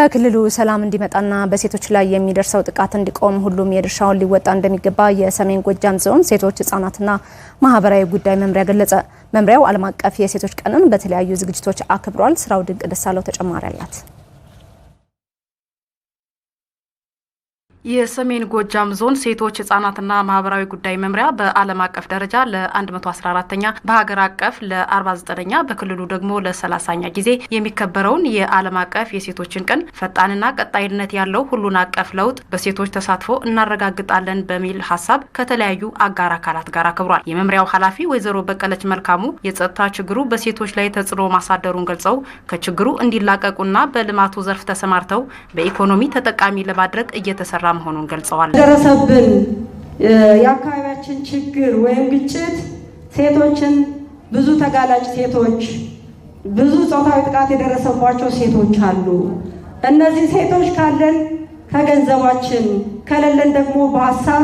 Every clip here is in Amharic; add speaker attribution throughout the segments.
Speaker 1: በክልሉ ሰላም እንዲመጣና በሴቶች ላይ የሚደርሰው ጥቃት እንዲቆም ሁሉም የድርሻውን ሊወጣ እንደሚገባ የሰሜን ጎጃም ዞን ሴቶች ህጻናትና ማህበራዊ ጉዳይ መምሪያ ገለጸ። መምሪያው ዓለም አቀፍ የሴቶች ቀንን በተለያዩ ዝግጅቶች አክብሯል። ስራው ድንቅ ደሳለው ተጨማሪ አላት። የሰሜን ጎጃም ዞን ሴቶች ህጻናትና ማህበራዊ ጉዳይ መምሪያ በዓለም አቀፍ ደረጃ ለ114ኛ በሀገር አቀፍ ለ49ኛ በክልሉ ደግሞ ለ30ኛ ጊዜ የሚከበረውን የዓለም አቀፍ የሴቶችን ቀን ፈጣንና ቀጣይነት ያለው ሁሉን አቀፍ ለውጥ በሴቶች ተሳትፎ እናረጋግጣለን በሚል ሀሳብ ከተለያዩ አጋር አካላት ጋር አክብሯል። የመምሪያው ኃላፊ ወይዘሮ በቀለች መልካሙ የጸጥታ ችግሩ በሴቶች ላይ ተጽዕኖ ማሳደሩን ገልጸው ከችግሩ እንዲላቀቁና በልማቱ ዘርፍ ተሰማርተው በኢኮኖሚ ተጠቃሚ ለማድረግ እየተሰራ እየተሰራ መሆኑን ገልጸዋል።
Speaker 2: ደረሰብን የአካባቢያችን ችግር ወይም ግጭት ሴቶችን ብዙ ተጋላጭ ሴቶች ብዙ ጾታዊ ጥቃት የደረሰባቸው ሴቶች አሉ። እነዚህ ሴቶች ካለን ከገንዘባችን ከሌለን ደግሞ በሀሳብ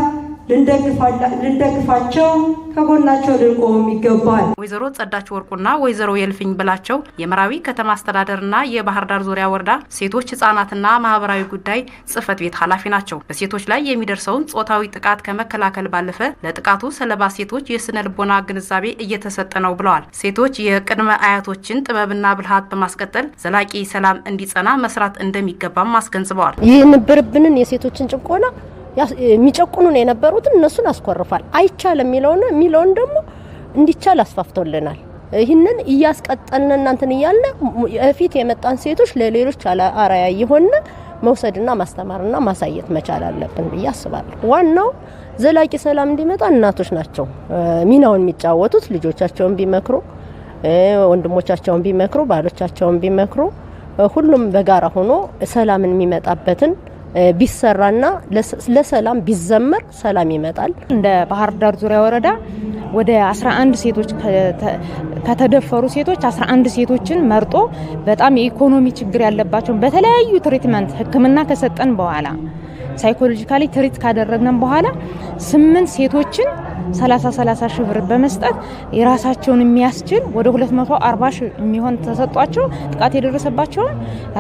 Speaker 2: ልንደግፋቸው ከጎናቸው ልንቆም ይገባል።
Speaker 1: ወይዘሮ ጸዳች ወርቁና ወይዘሮ የልፍኝ ብላቸው የመራዊ ከተማ አስተዳደርና የባህር ዳር ዙሪያ ወረዳ ሴቶች ህጻናትና ማህበራዊ ጉዳይ ጽህፈት ቤት ኃላፊ ናቸው። በሴቶች ላይ የሚደርሰውን ጾታዊ ጥቃት ከመከላከል ባለፈ ለጥቃቱ ሰለባ ሴቶች የስነ ልቦና ግንዛቤ እየተሰጠ ነው ብለዋል። ሴቶች የቅድመ አያቶችን ጥበብና ብልሃት በማስቀጠል ዘላቂ ሰላም እንዲጸና መስራት እንደሚገባም አስገንዝበዋል።
Speaker 3: ይህ ንብርብንን የሴቶችን ጭቆና የሚጨቁኑን የነበሩትን እነሱን አስኮርፏል። አይቻልም የሚለውና የሚለውን ደግሞ እንዲቻል አስፋፍቶልናል። ይህንን እያስቀጠልን እናንትን እያለ ፊት የመጣን ሴቶች ለሌሎች አራያ የሆነ መውሰድና ማስተማርና ማሳየት መቻል አለብን ብዬ አስባለሁ። ዋናው ዘላቂ ሰላም እንዲመጣ እናቶች ናቸው ሚናውን የሚጫወቱት። ልጆቻቸውን ቢመክሩ፣ ወንድሞቻቸውን ቢመክሩ፣ ባሎቻቸውን ቢመክሩ፣ ሁሉም በጋራ ሆኖ ሰላምን የሚመጣበትን ቢሰራና ለሰላም ቢዘመር ሰላም ይመጣል። እንደ ባህር ዳር ዙሪያ ወረዳ ወደ 11 ሴቶች ከተደፈሩ ሴቶች 11 ሴቶችን መርጦ በጣም የኢኮኖሚ ችግር ያለባቸውን በተለያዩ ትሪትመንት ሕክምና ከሰጠን በኋላ ሳይኮሎጂካሊ ትሪት ካደረግነን በኋላ ስምንት ሴቶችን 30 30 ሺህ ብር በመስጠት የራሳቸውን የሚያስችል ወደ 240 ሺህ የሚሆን ተሰጧቸው ጥቃት የደረሰባቸውን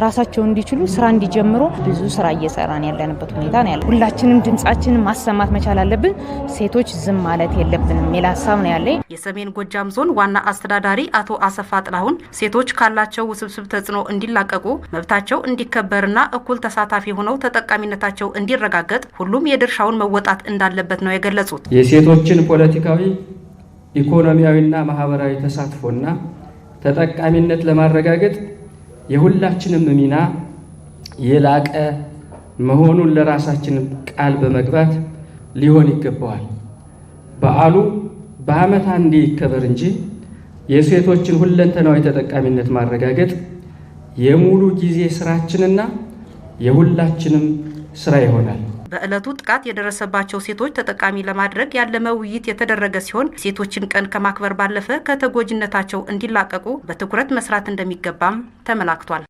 Speaker 3: ራሳቸውን እንዲችሉ ስራ እንዲጀምሩ ብዙ ስራ እየሰራን ያለንበት ሁኔታ ነው ያለ። ሁላችንም ድምጻችን ማሰማት መቻል አለብን። ሴቶች ዝም ማለት የለብንም የሚል ሀሳብ ነው ያለ
Speaker 1: የሰሜን ጎጃም ዞን ዋና አስተዳዳሪ አቶ አሰፋ ጥላሁን ሴቶች ካላቸው ውስብስብ ተጽዕኖ እንዲላቀቁ መብታቸው እንዲከበርና እኩል ተሳታፊ ሆነው ተጠቃሚነታቸው እንዲረጋገጥ ሁሉም የድርሻውን መወጣት እንዳለበት ነው የገለጹት።
Speaker 4: የሴቶችን ፖለቲካዊ ኢኮኖሚያዊና ማህበራዊ ተሳትፎና ተጠቃሚነት ለማረጋገጥ የሁላችንም ሚና የላቀ መሆኑን ለራሳችን ቃል በመግባት ሊሆን ይገባዋል። በዓሉ በዓመት አንዴ ይከበር እንጂ የሴቶችን ሁለንተናዊ ተጠቃሚነት ማረጋገጥ የሙሉ ጊዜ ስራችንና የሁላችንም ስራ ይሆናል።
Speaker 1: በዕለቱ ጥቃት የደረሰባቸው ሴቶች ተጠቃሚ ለማድረግ ያለመ ውይይት የተደረገ ሲሆን ሴቶችን ቀን ከማክበር ባለፈ ከተጎጂነታቸው እንዲላቀቁ በትኩረት መስራት እንደሚገባም ተመላክቷል።